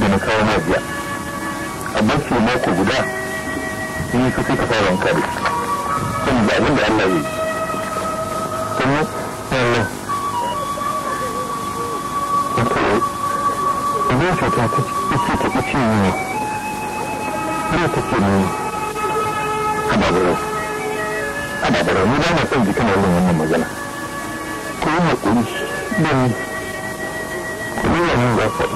da na kawo ma jiya a mako guda sun yi kusa ka wanka da shi kan da abin da Allah ya yi kuma Allah zai ce ta ce ta ce ne ne ta ce ne a babarau a ba na son jikin wannan magana ko yi haƙuri don ku yi wannan zafi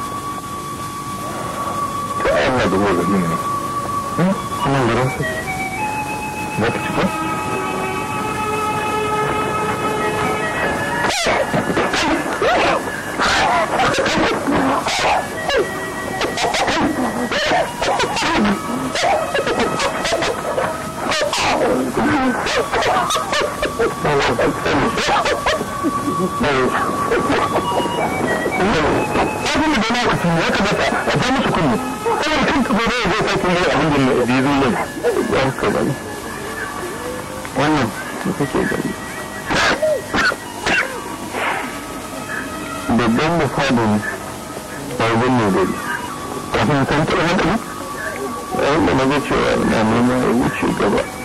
하나 눈물 흘리네. 응? 한번 내려. 내가 붙일까? 나 abin da na ya a ja da ya wannan na ga cewa na nema ya wuce gaba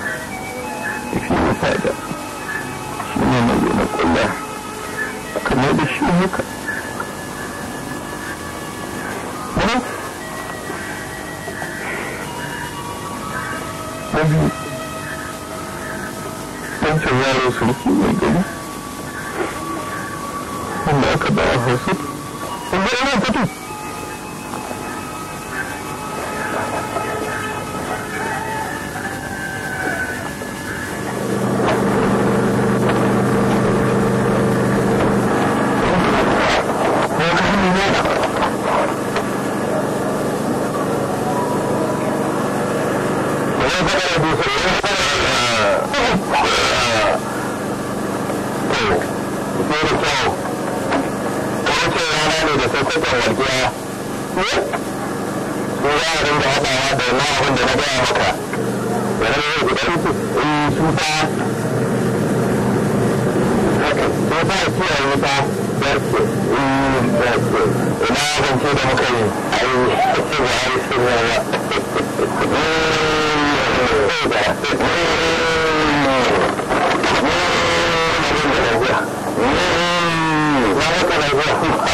gefen raguwa ko da da na gaya maka da na da yi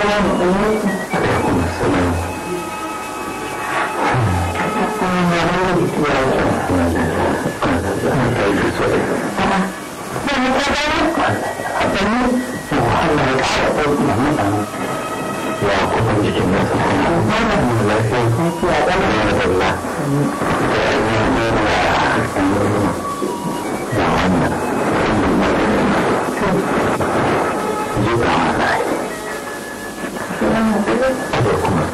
السلام عليكم عليكم السلام أنا عندي يا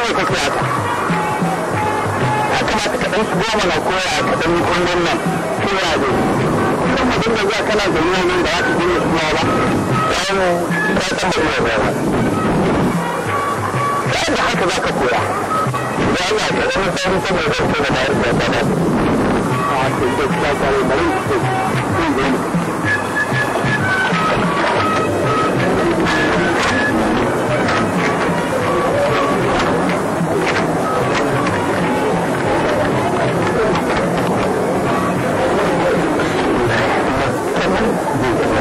kawai ka fiya ya kamata ka ɗan shigo na koya ka ɗan yi kundin nan sai ya zo idan mutum da zuwa kana zaune nan da za ka gina ba ta yi ta ɗan ba ta yadda haka za ka koya da Allah ka ɗan sauri saboda zai da da ta a da ta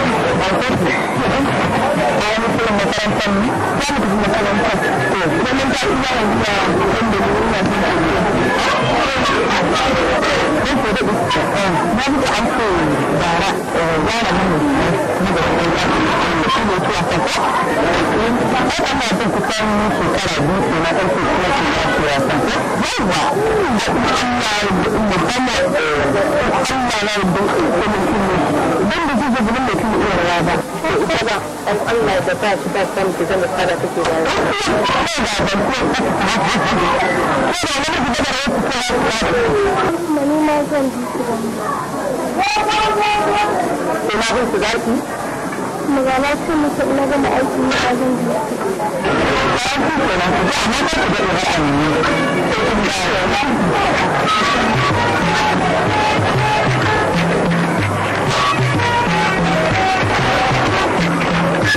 او تطلع a wani filin makarantar ne za mu tafi makarantar to kuma ina jin ɗan ko bara yara mana ne da kuma shi ne tuwa ta ko ai ana jin kusan na ɗauke kuma ke ya ce ya san yawa musamman Allah na rubin kuma kuma don da zai zubin da kuma iya rawa Allah da ba shi ba san ki zama fara take da ko da zan ji ki ban ina kun ku zaki magana ce muke ina gama aiki ne zan ji Thank you.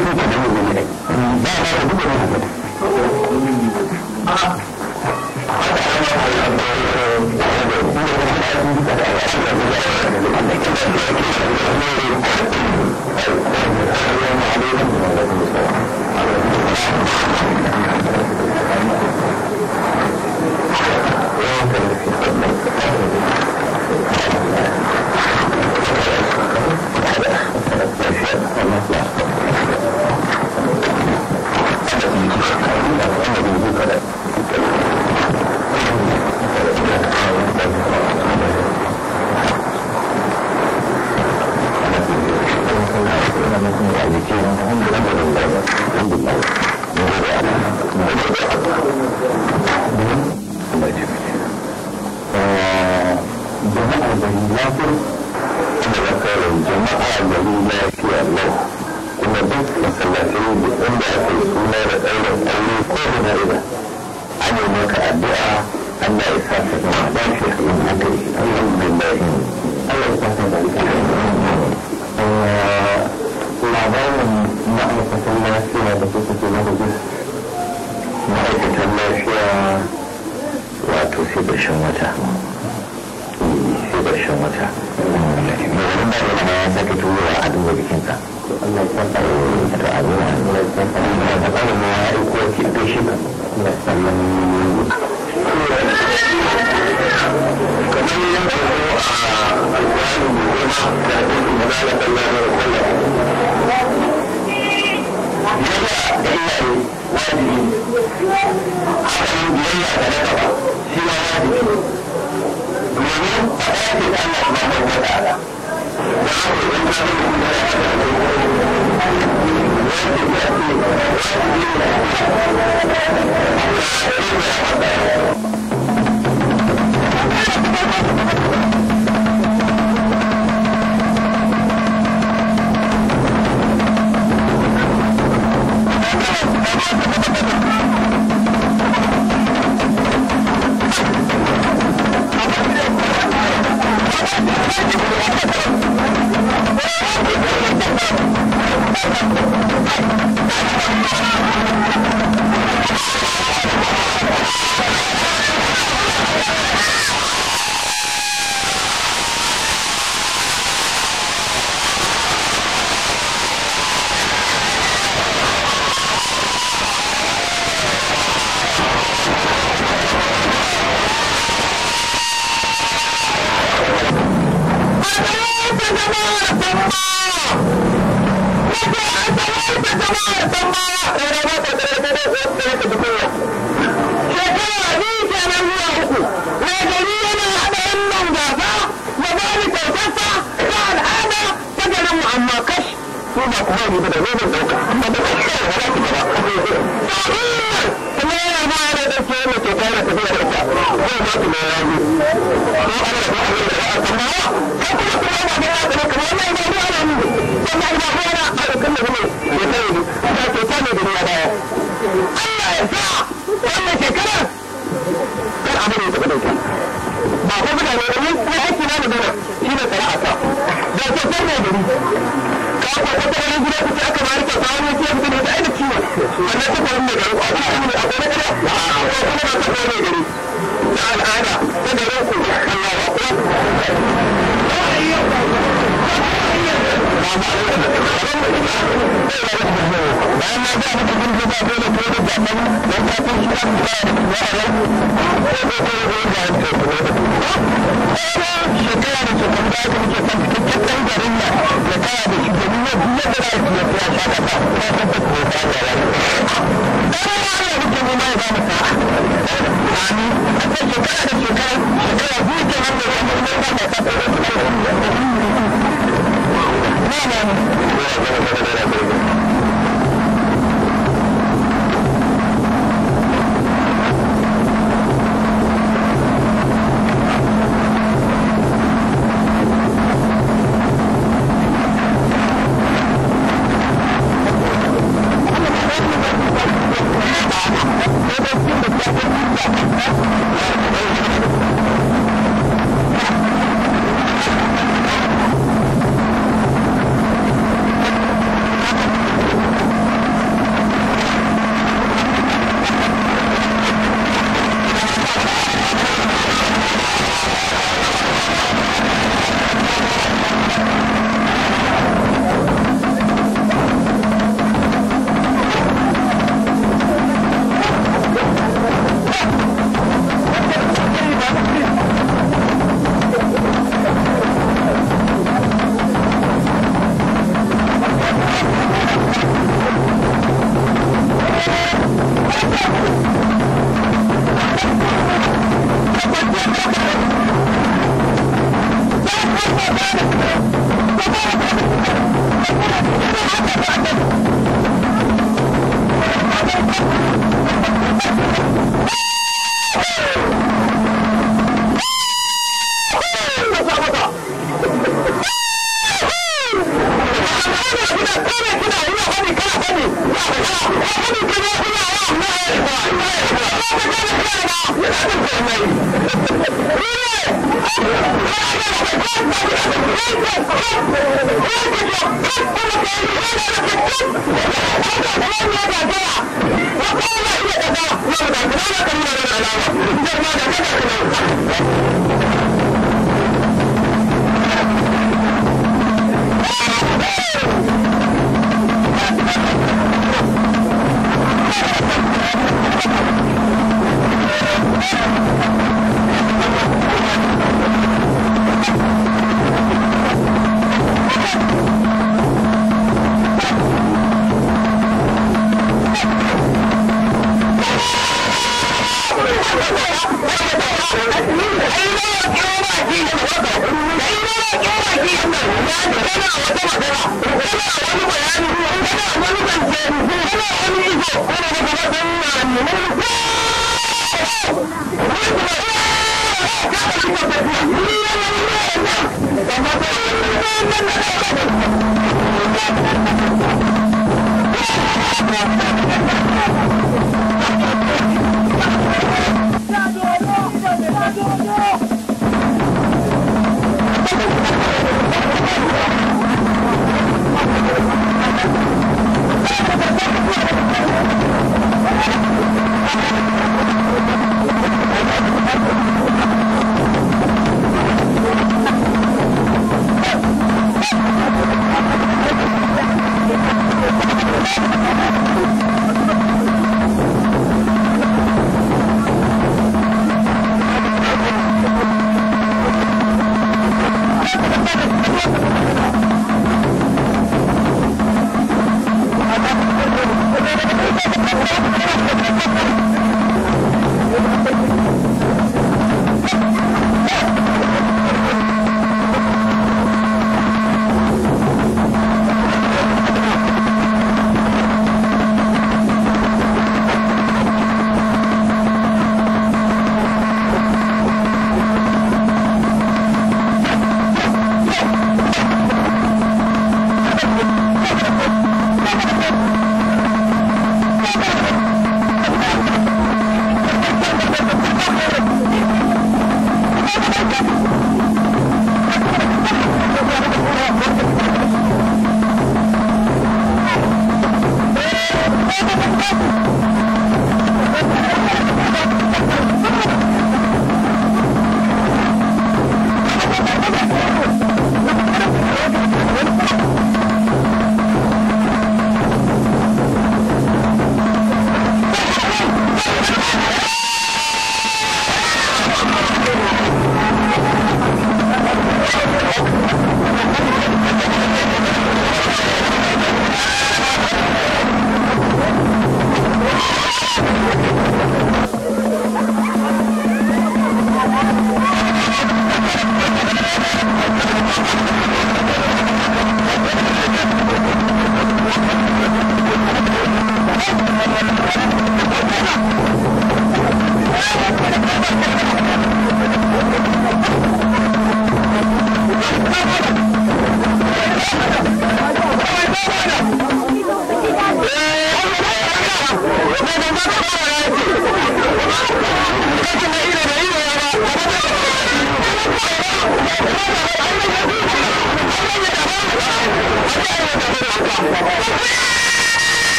Thank you.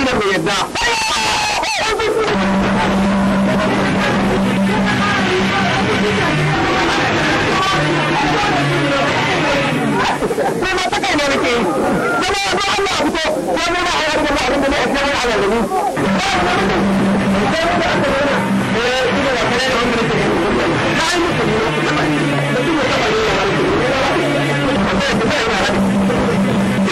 gidan mai yadda Sai ma takai ne nake yi, ya zo Allah a fito, ko eh, ne ba a yi wani abin na ake a yanzu. Na yi musulmi na ne,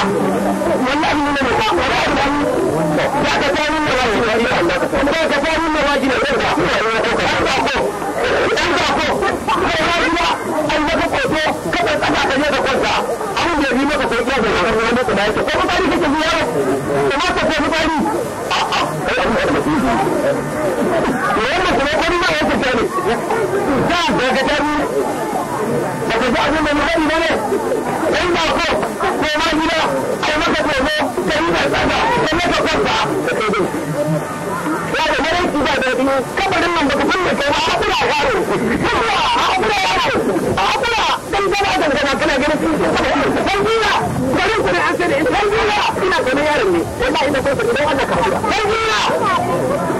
wallahi ne ne ba ba da ni ya ka ta min da wajibi ne Allah ka ta ka ta min da wajibi ne ba ko ba ko dan ba ko ba an da ko to ka ta tsaka ka je ka kwanta abin da yi maka sauki da ka ga maka da yake ko ba ni kake zuwa ba kuma ka ko ba ni za a daga taru ba ka ji abin da na bane kai ba ko ko ma gida ai maka ka kai ba tsada ka maka kwanta ya da mara ki ba da biyu kabarin nan baka kunna kai ba a kula yaro a kula yaro a kula dan gaba dan gaba kana ganin dan gina garin ku ne an sai da ina dan gina ina ganin yaron ne sai ba ina kwanta idan Allah ka gina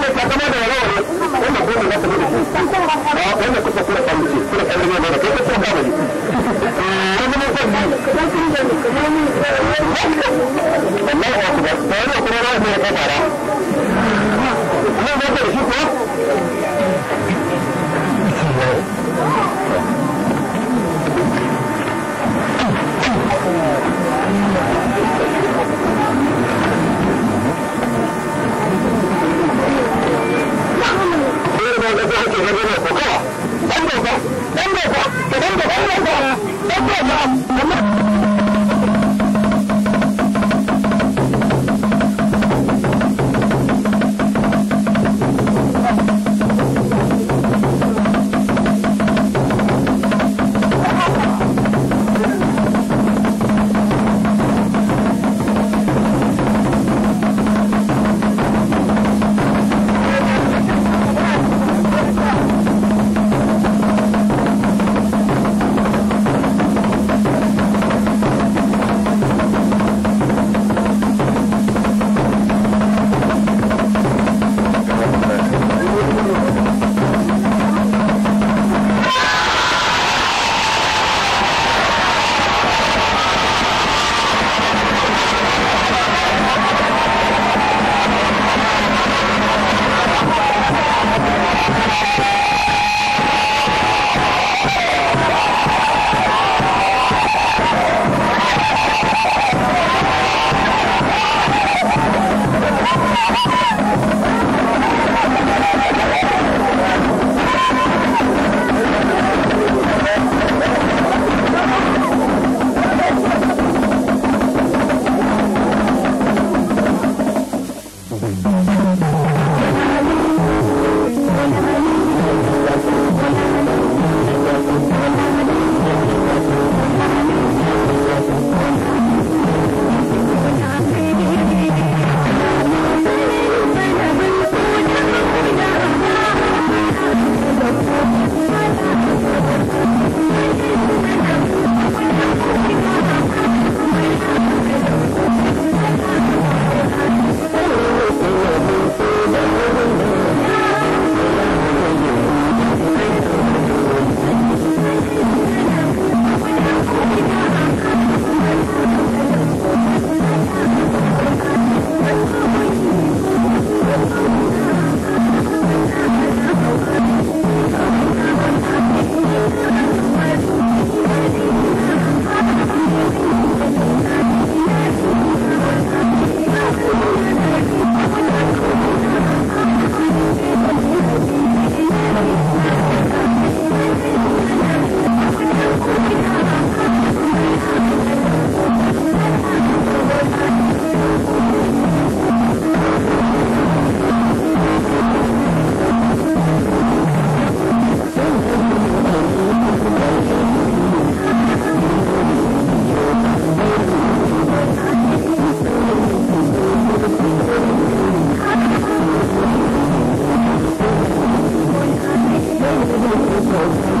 ka zama da wani wani wanda ko ne na tafi da shi ba wanda kuka kura kan ce kura kan ne da kai ko ba ne ka zama kan ne wallahi wa ku ba ta ne kuma ba ne ka fara ne ba ta shi ko wani sai ake gaba da koka dan da dan da dan da dan da dan da dan da Thank you.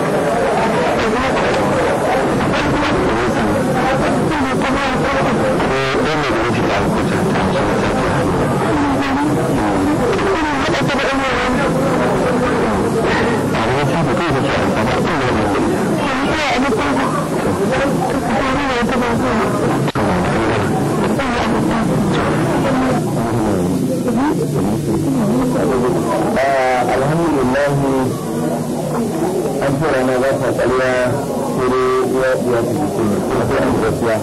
alhamdulillah an kira na aure ya ya ta jiki ne kuma an gaskiya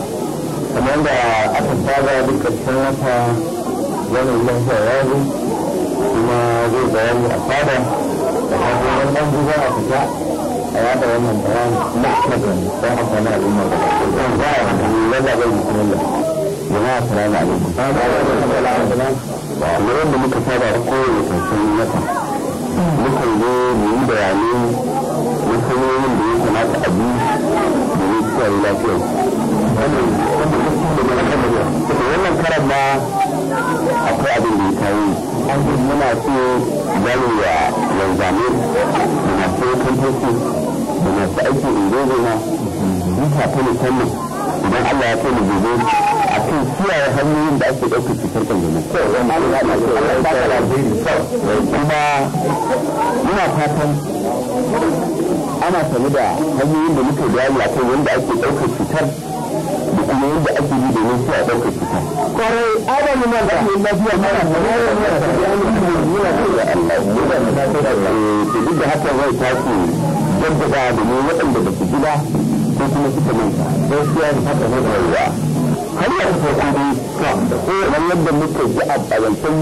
kamar da aka saba duk ƙarshen wata yi lafiya ya zo kuma zai bayani a fada da wani ɗan duba a fita a yada wannan bayan na magani don amfani al'umma da kan a yi yadda zai yi kuma jama'a salamu alaikum ba da muka saba kowane ƙarshen wata muka zo mu yi bayanai yi hanyoyin da kamata a bi domin da lafiyar wannan karan ma akwai abin da ya kawo muna so gano ya yanzame da masu kamfanci aiki masu aikin ingozona duka ta musamman idan allah ya kai mu gobe a kan kiyaye hanyoyin da ake ɗaukar cutar kanjamau kuma muna fatan ana sanu da hanyoyin da muke da yawa akan wanda ake ɗaukar cutar da kuma yadda ake yi domin su a ɗaukar cutar. Kwarai Adamu na da ake lafiya mara da mara da da Allah eh, duk da haka zai tashi jaddada domin waɗanda ba su gida ko kuma suka manta gaskiya da haka na rayuwa. Har yanzu ko kuma ko wani yadda muke ji a ɓarantar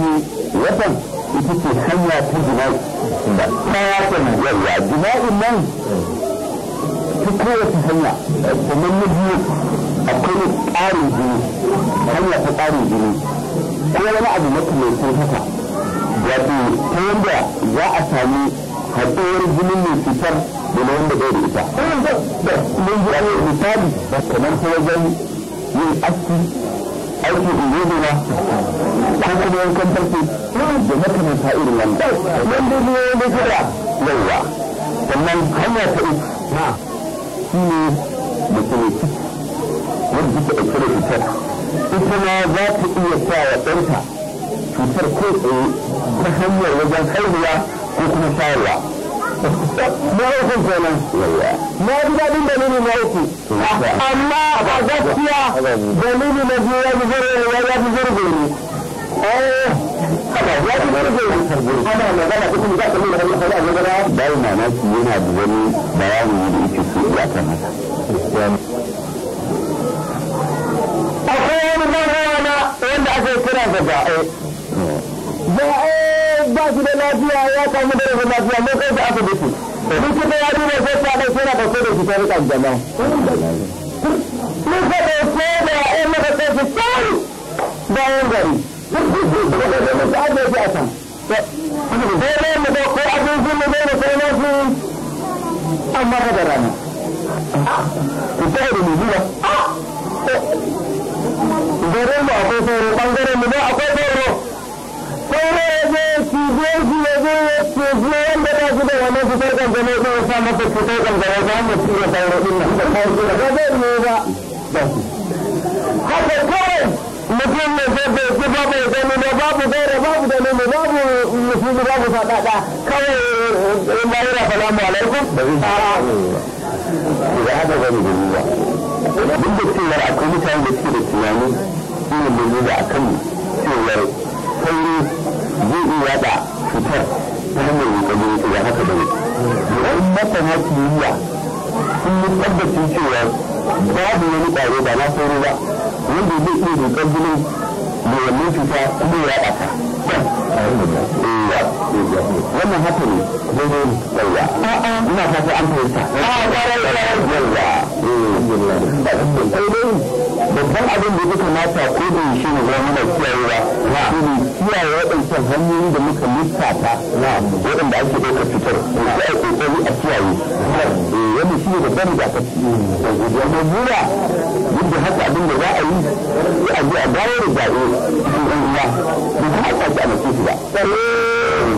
watan ita ce hanya ta jima'i ɗakin nan yawa jima'in nan ta kowace hanya sannan na biyu akwai ƙarin jini hanya ta ƙarin jini ko wani abu makamancin haka wato ta yadda za a sami haɗuwar jinin mai cutar da na wanda bai da ita. Mun ji misali kamar ta wajen yin aski aiki ungozoma ko kuma yankan farko da makamanta irin nan nan da ne da yawa sannan hanya ta uku shi ne mutum wanda take ɗauke da cutar ita ma za ta iya sa wa ɗanta cutar ko tsaye ta hanyar wajen haihuwa ko kuma shayarwa na kenan na ji daɗin dalili na uku amma a gaskiya dalili na biyu ya fi zurgin ya fi zurgin eh, Bayan mamaki wani bayani da wanda aka kira da ba'ai. Eh. ba shi da lafiya ya kamu da rashin lafiya ne kai shi asibiti duk kuma ya duba ko ta dai yana dauke da shi ta rika jama mun ka dauke da ɗan maka sai shi tsari bayan gari da da shi a can dole mu da ko abinci mu da sai na su amma ka da rana ku tsaya da mu da garin mu akwai sauro bangaren da ba akwai sauro sauro wasu ya zo ya ce zuwa wanda ta su da wani fitar kanzano ko ya sa masa fitar kanzano za mu ci ya sauro din nan. Ba zai ne ba. Haka kawai mutum ne zai bai ci ba bai gani ba babu gaira babu dalili babu musulmi babu faɗaɗa kawai in ba salamu alaikum. Ba zai haɗa gani da ba. Duk da cewar akwai mutane da suke da tunani shi ne da akan cewar sauri zai iya da fitar wani mai kokari ya ga haka bai wani masana kimiyya sun yi tabbacin cewa babu wani ƙwaro ba na sauro ba wanda zai iya dokar jinin da wannan cuta kuma ya ɗaka. wannan haka ne daidai yawa ina fata an fahimta yawa eh, babban abin da ya kamata ko da yaushe ne zama mana kiyayewa shi ne kiyaye waɗancan hanyoyi da muka lissafa waɗanda ake ɗauka fitar da a ƙoƙari a kiyaye eh, wannan shi ne babban rigakafi da mm. gura duk da haka abin da za a yi sai a je a dawo da zaɓe cikin ɗan uwa duk haka ake a mace shi ba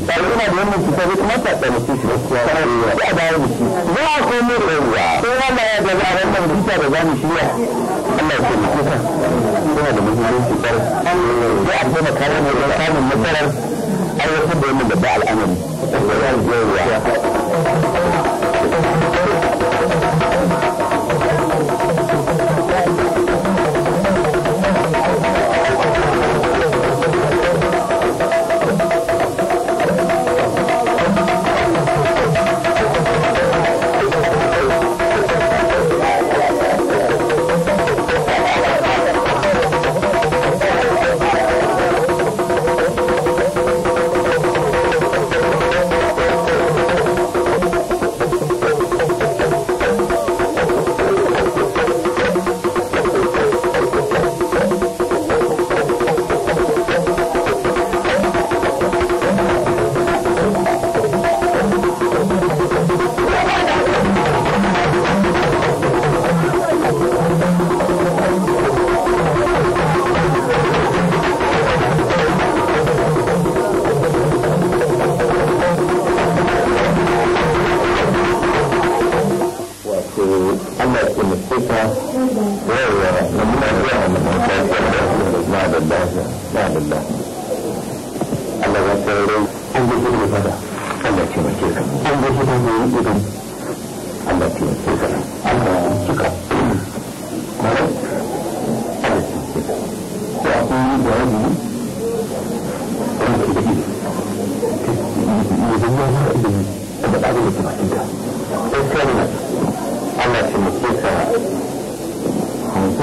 ba ina da wannan cuta bai kuma ta ɗan mutum gaskiya da shi za a komo da ko ya ga zaran nan cuta da zamu shiya Allah ya taimake da muhimmanci kar sai a taimaka mana don samun da al'amari.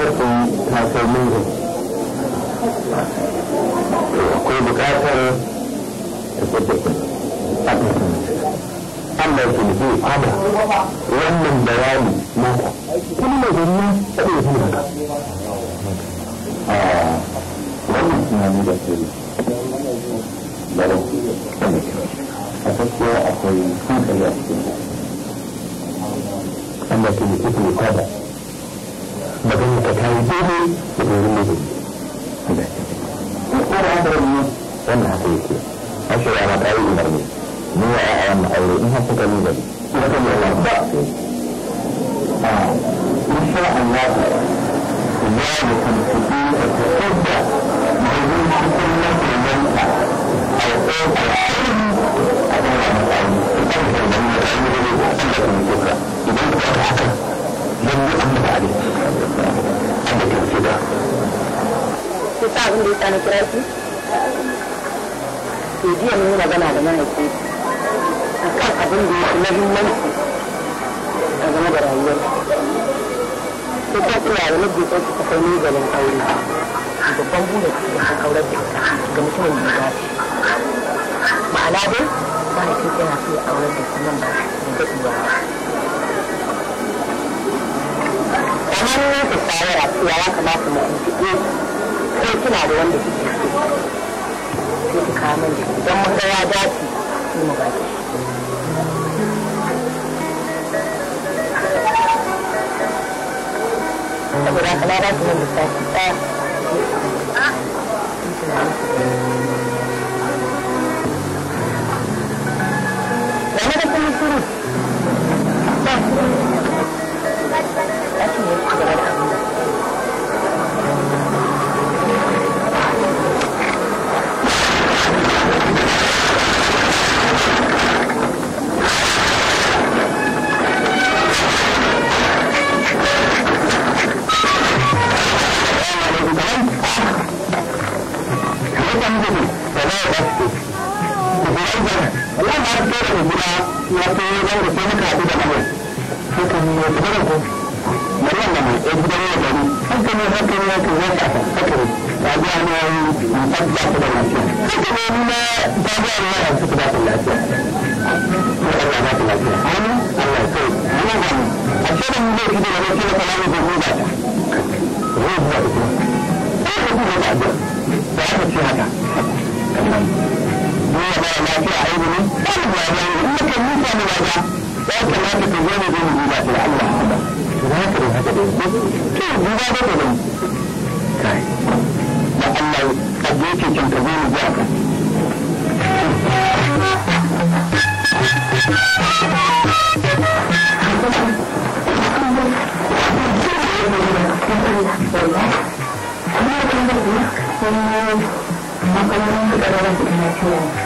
sai takalmin ne akwai bukatar Allah ke nufi kwada wannan bayani mata kuma gani haka ah, wannan tunani da ke a tafiya akwai hankali a cikin Allah kwada magana ta kayi daidai da ɗorin mijin ko da haka ne wannan haka yake ashirya ma ta yi ne. ni ya a wannan aure in haka da ni ina kan yana ba a insha Allah za mu tuntuɓi a cikin da domin cikin mafiyanka a ƙofar ainihin a ɗaura mutane ita da ɗaura mutane da ɗaura mutane da ɗaura mutane da ɗaura mutane mun yi an da ali an da kansu da ko sa abin da ya tsana kira ki to jiya mun yi magana da mahaifi a kan abin da ya fi mahimmanci a game da rayuwar ko ta tsaya da mafi ɗauki ta kai negalin aure babban buɗe da ta kaurar da ga mutumin da ya dace ma'ana dai mahaifin yana so ya aurar da sunan ba da daɗewa ba an na shawara cewa ya kamata mu bincike ko da wanda kike so sai ku kawo mana idan mun ya dace sai mu ba ki saboda ba lissafi ɗaya wannan ta da gida ya ce zan da sai muka haɗu da maryam hakan ne ta bada ko maryam da mai ɗan gidan yau gari hakan ne hakan ne to zan kafa hakan ya ji an yi ta da lafiya hakan ne ni ma ba ga an mara su ta lafiya ko ta lafiya amin Allah ya kai ana ba mu a ce da mu zai fito da da mu ba ta ruwa ba ta ko ko ba ta da ba ta baban in ka nisa mu ba ya kamata ka mu duba shi da mu Thank you.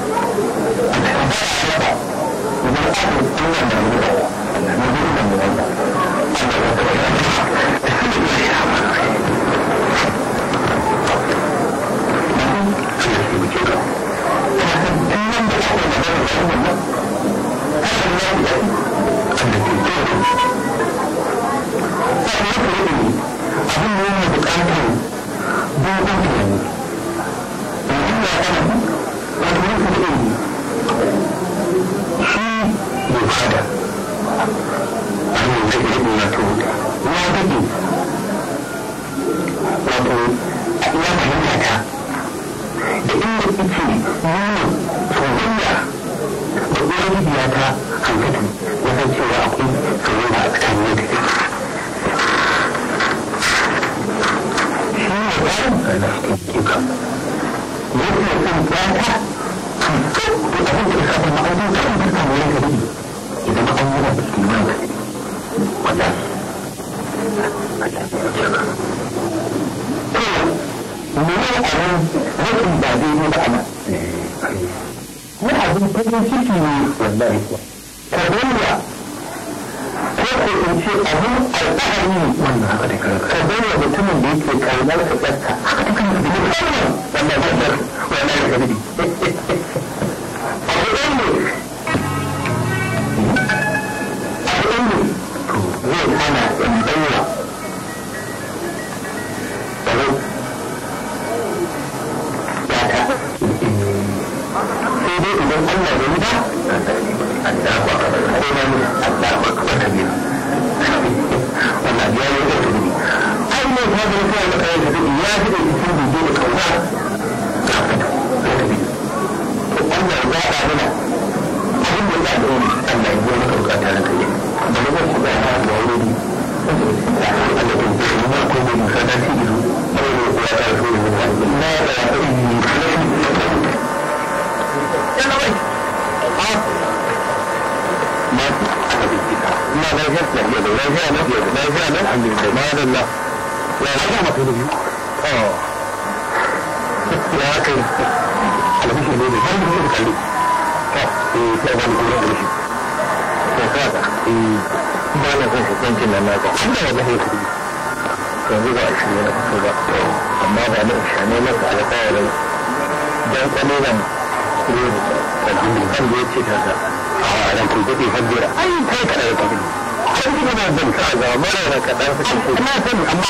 ban sa ga mara na kaɗan su kan ina san amma wannan wani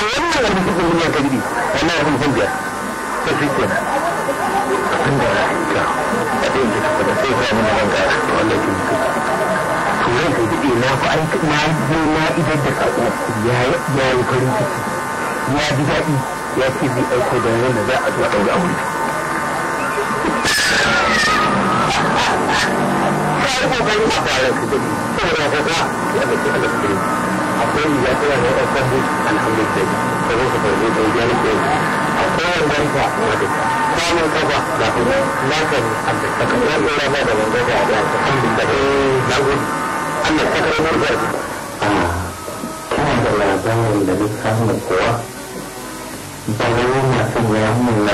cikin duniya ta gidi wannan san biyar ke da a ɗaya da sai ga mun nan ga wannan kin ku to ran da na na je idan da sako ya ya yi farin ciki ya ji daɗi ya ce bi aiko da wanda za a zo a ɗaura aure yi kokari a saboda kasa ya zaki a gaske akwai iya tsira na yan sabu alhamdulillah saboda da ya yi kai a kowane samun kafa da kuma ba da wanda da gudu da labarin da duk samun kowa? Bayan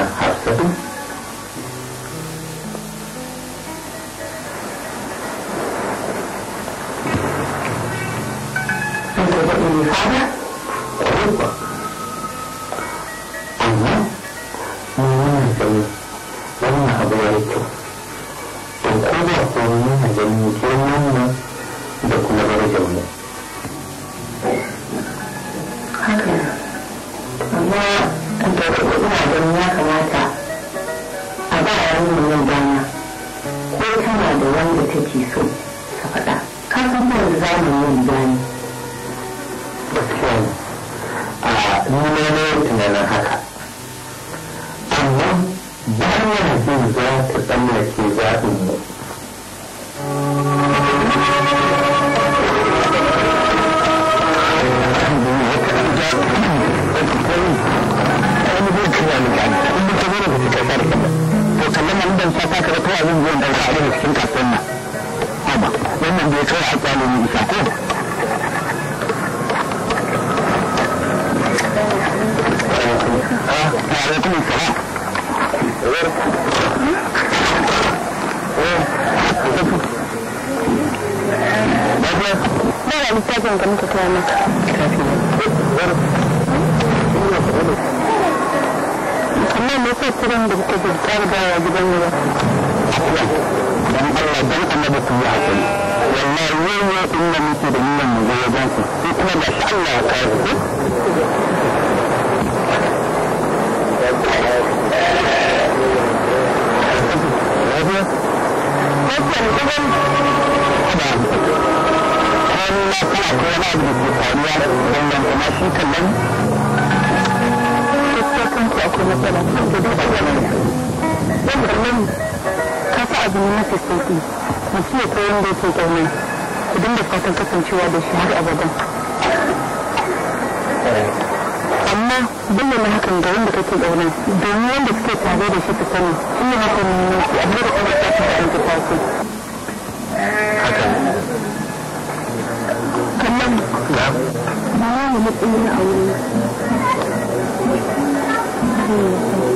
abu ne mafi masu ya koyon da yake ku dinga fatan kasancewa da shi har abadan amma bayyana hakan ga wanda kake ƙauna domin wanda suke tare da shi ta sani shi ne hakan ne da kuma kallon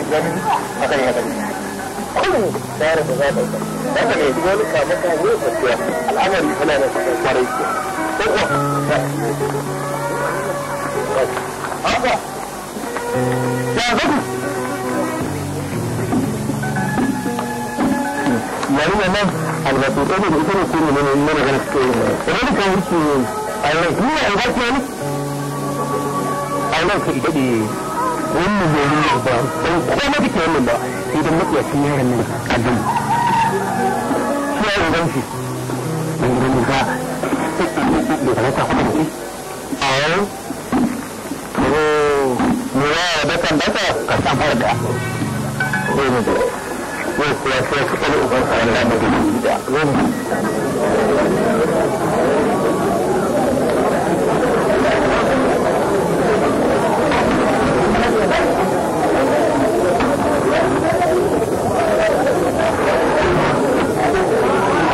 kake ganin kullum ne duk wani al'amari tana da kwarai ke haka ya yari na nan albatu ɗaya ita ne ko ne mana gana suke yi wuce a yanzu ne albatu a ka wannan zai yi ba don kome da ke wannan ba sai don yaran nan a da za da kuma da shi a yau ne ya da daka ka samar da ne da ne kuwa sai ka uban sa wani da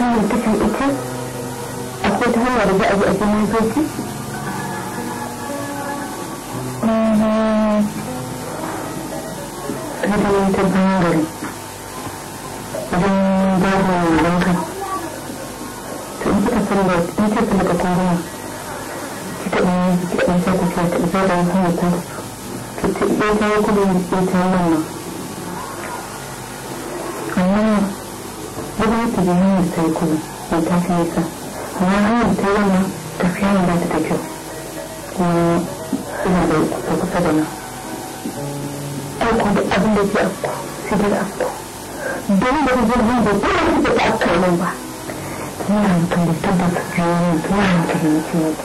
hanyar kashin ita akwai ta hanyar da abu a gina zoki Rikin ta bayan gari don babu wanka to yi. da da ta ta ta ta ta ta ta ta ku je hanyar sai ku ta fi nisa amma hanyar ta yamma tafiya ne ta da kuma ina da kusa kusa da nan ɗauko da abin da ke afko sai dai da hanyar da nan ba tabbata kayan yin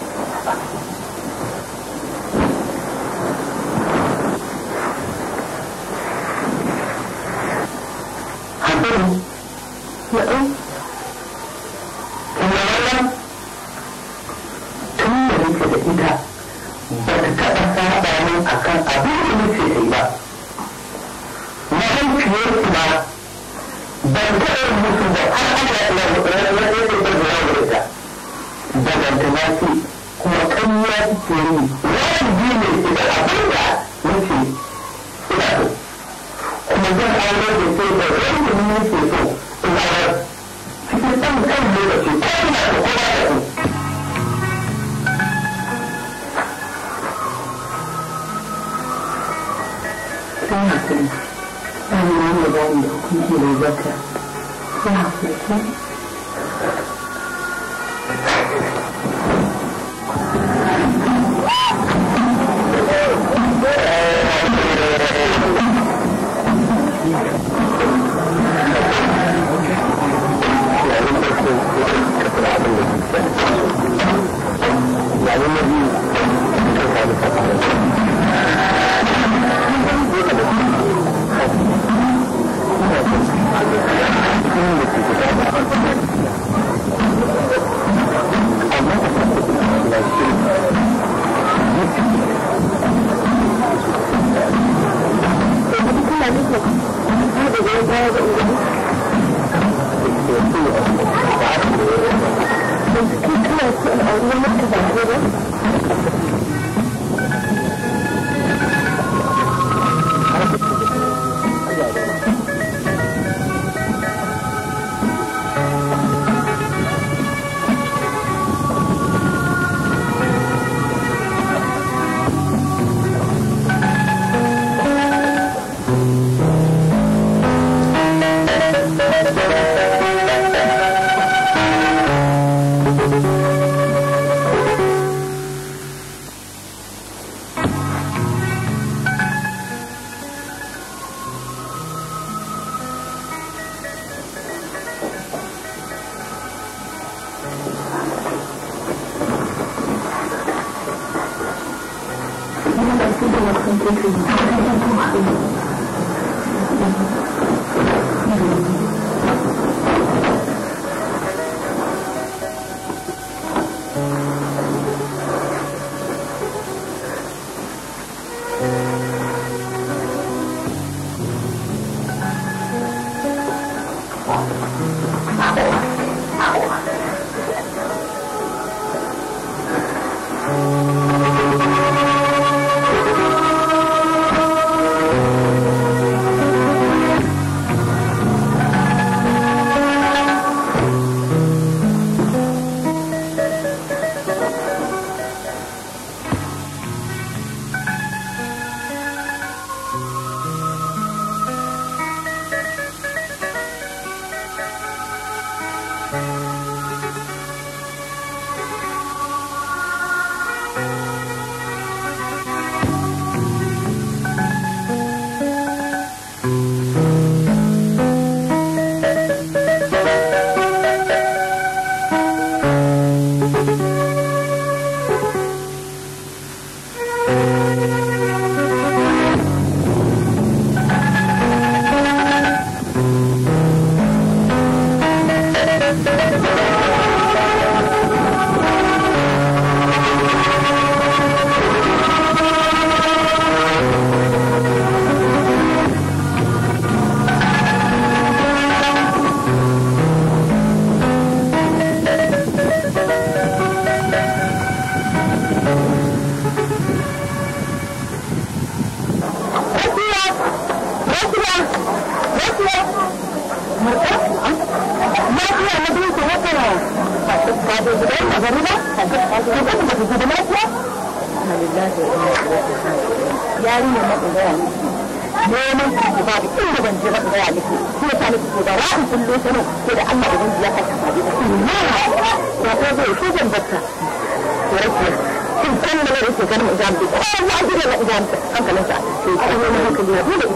gida hankalinsa to ko wani hankali ya dole ita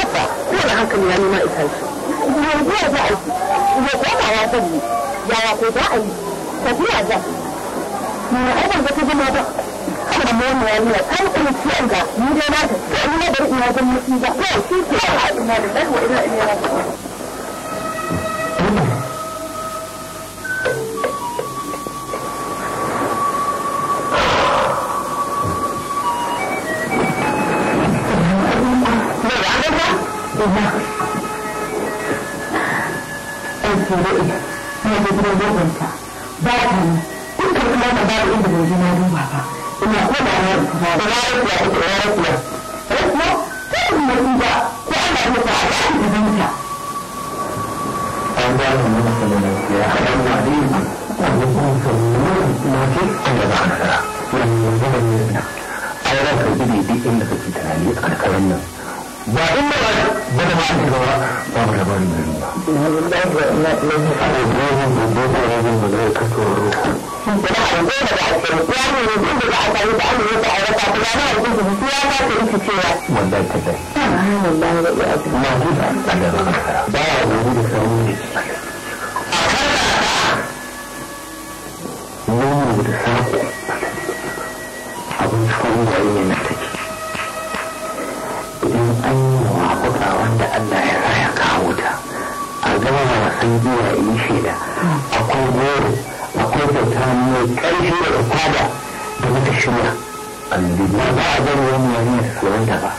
ce haka ko hankali ya nuna ita ce ina zuwa za a yi ya koma ya sani yaya ko za a yi tafiya za ni na aiban ga ta zama ba kada mu wani ya nuna kan kunciyan ga ni dai na ta ni na bari ina zan mutu ba ko shi ke ina da ɗan wa ina ina Uba, aiki da ina da gidan da ko ta yi ko a kan An ba ni mana kalmar ya haɗar ma ne, a an da na. inda kake a karkarar ba in ba ba da masu shiga ba ba mu da ba. Alhamdulillah ba ina ɗaya ana zuwa da dogon rajin da zai kato ruwa. Ba da an goma da ake ruwa ne ne duk da aka yi da an yi ta aure ta kuma na yanzu da su ta ta ita ta dai. Alhamdulillah ba iya ake. Ma ji da an da zama kara. Ba ya gobe da sauri ne. A kan da ta. Nono da sako. Abin da da yi ne na ba wanda Allah ya raya kawo ta a gama wasan giwa yi shaida akwai goro akwai bauta mai ƙarfi da kwada da muka shirya ba ba a gani wani wani ya tsoron ta ba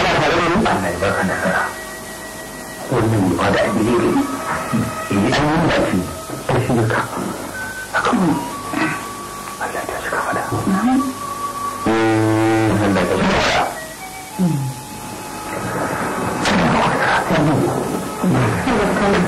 ana tare da mu ana ba nasara. tara wannan ba da abin ne ne an yi lafi ta shi ka a kan mu Allah ta shi fada. Eh, Allah ta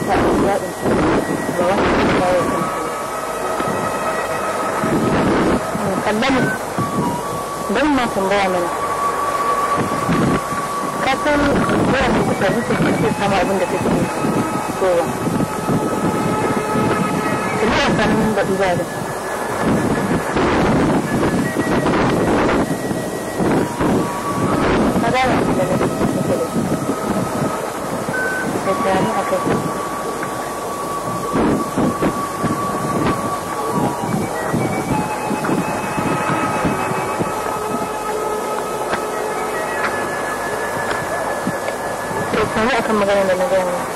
duk kafin ka كم محمد رمضان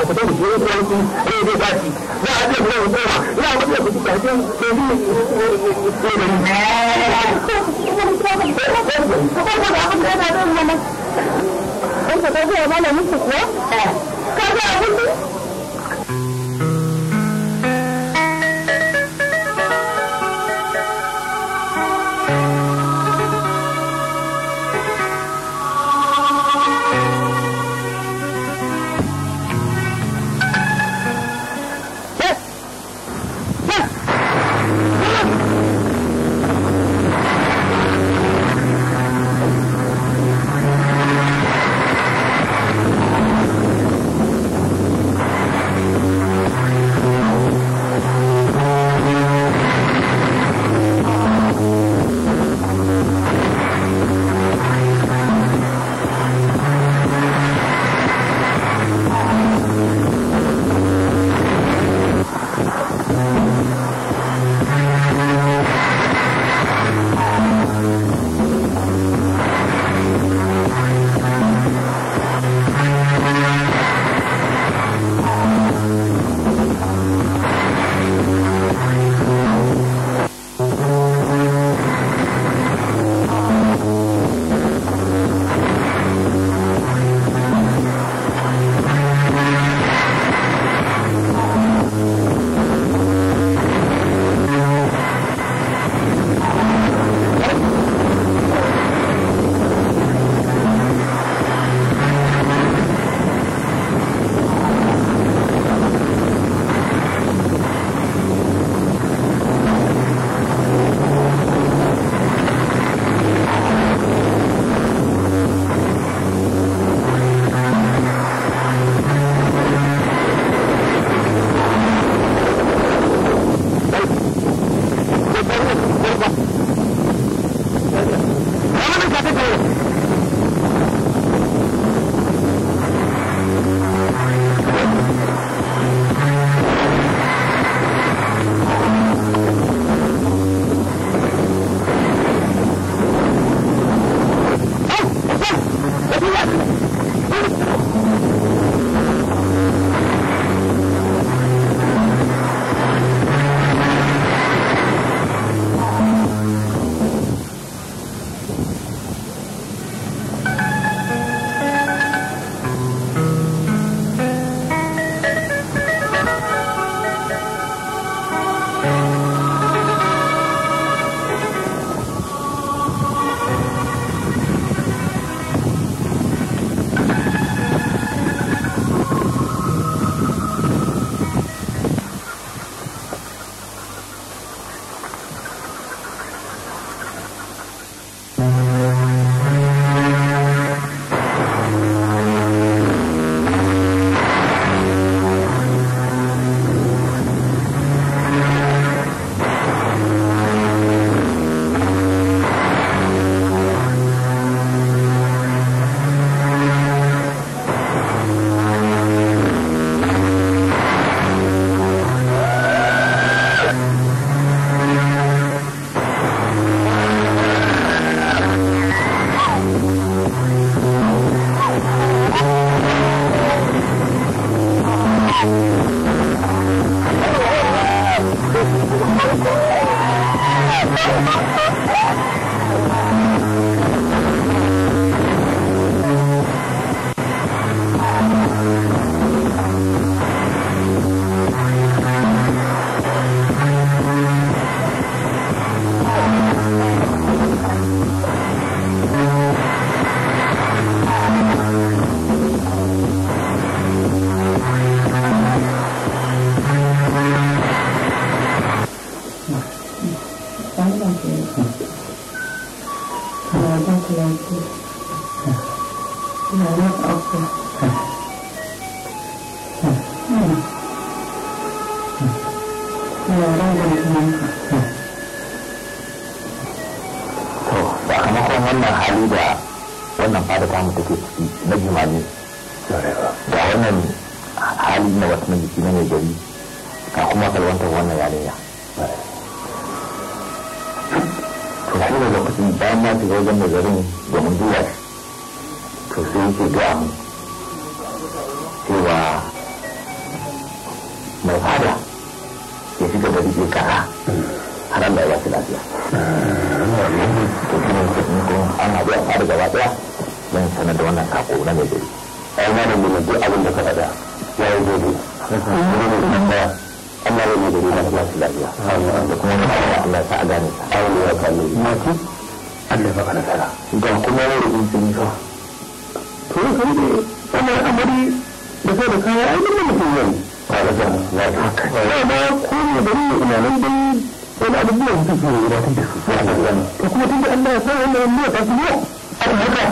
da ku dai ku ko ku eh ya malamin ku ko wannan kafo na mai gari a yi mana duk abin da ka faɗa ya yi gobe Allah ya mai gari na kuma su lafiya da kuma na fara Allah ta gane ta aure ya kalle mati Allah baka nasara ga kuma wani rubutun fa to kan da wannan amari da sai da kaya ai mun mutum ne ba da na haka ba ko ne da ni ina nan dai wani abubuwan da suke yi da su kuma tun da Allah ya sa wannan haka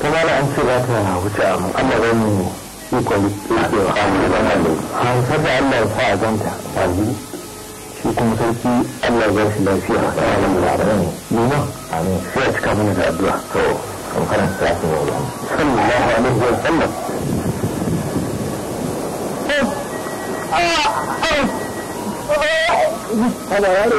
kamar an ce za ta wuce a al'amarin a ikon rikewa an saba allah ya sa a ganta yanzu shi kuma sarki allah ya shi lafiya a tsarin ne nuna amin sai a cika mana da addu'a to an karanta sa su ne ba sallallahu alaihi wa sallam Hello,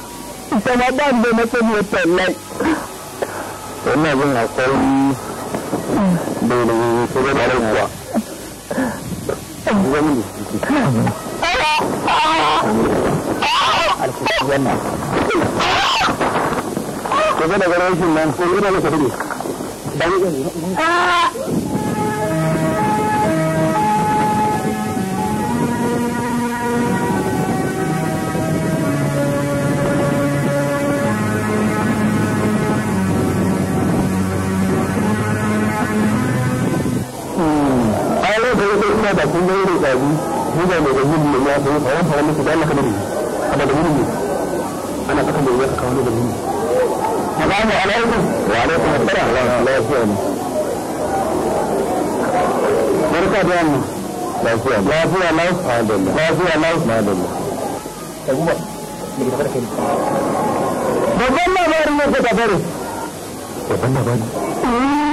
Ramadan na sani wata Wannan akwai da yi su gaba da kuwa. daga rashin nan da ba kun gani da tsabi ni da mai gani ne ya san faran faran musu da Allah ka dare a da gani ne ana saka mai ya kawo da gani Assalamu alaikum wa alaikum assalam wa rahmatullahi barka da yamma lafiya lafiya lafiya lafiya lafiya kuma me ke farka babban labarin ne ka tafare babban labarin mm.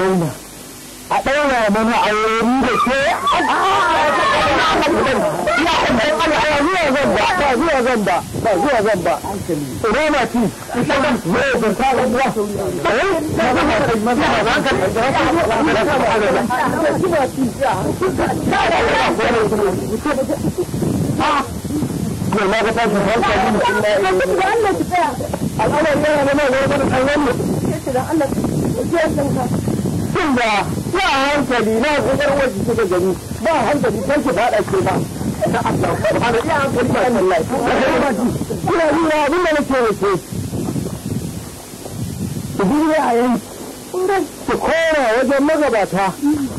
zauna a mana a wuri da ke zuwa zan ba ba zuwa zan ba ci ma ma ci ci eh? ma mutum da ba hankali na kokar wajen suka gani ba hankali kan ki faɗa ke ba da ba hankali da nake ke kora wajen magabata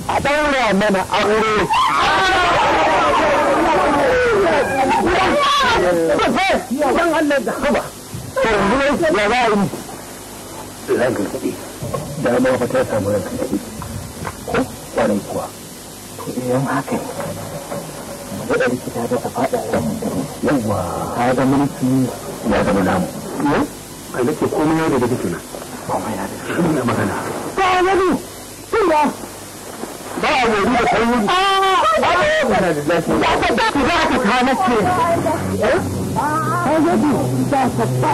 a ɗaura mana Allah da haba, yi. Zagin dama fa ta samu ranka ce ko kwarai kuwa to idan haka ne magana likita da ta faɗa ramin yawa ta ga mulki ya zama namu kai nake komai ya daga jikina komai ya daga shi ne magana ta wani tun da ba a wuri ah, da kai wuri ya ta da ku za ka kana ce eh ta gudu ta ta ta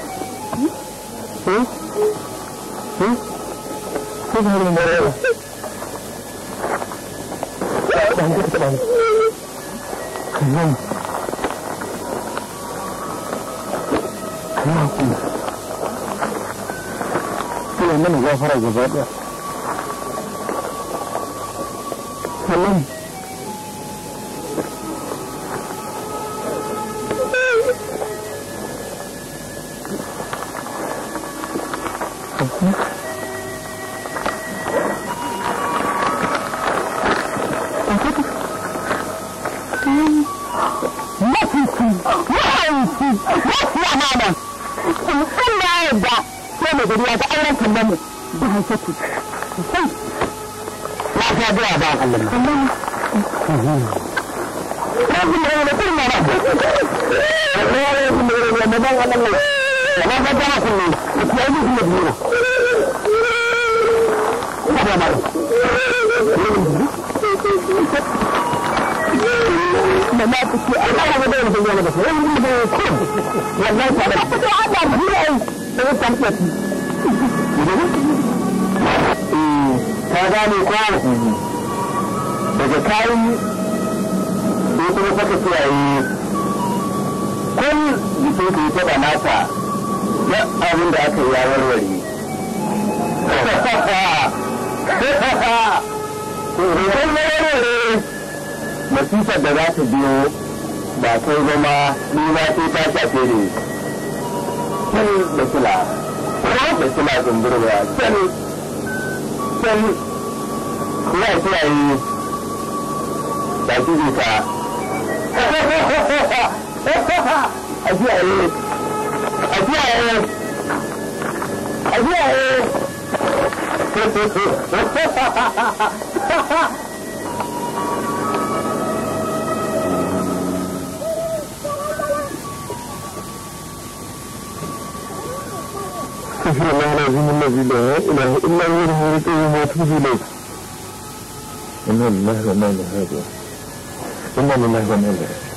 ¿Eh? ¿Eh? ¿Qué es mi morena? Vamos, vamos. Vamos. masifar da za ta biyo ba kai zama nuna sai ta shafe ne can da kila da kila zumburwa can can kuma a kiyaye ba ki ka a kiyaye a لا لازم الذي لا إله إلا هو القيوم وأتوب إليه إنا لله وإنا إليه راجعون إنا لله وإنا إليه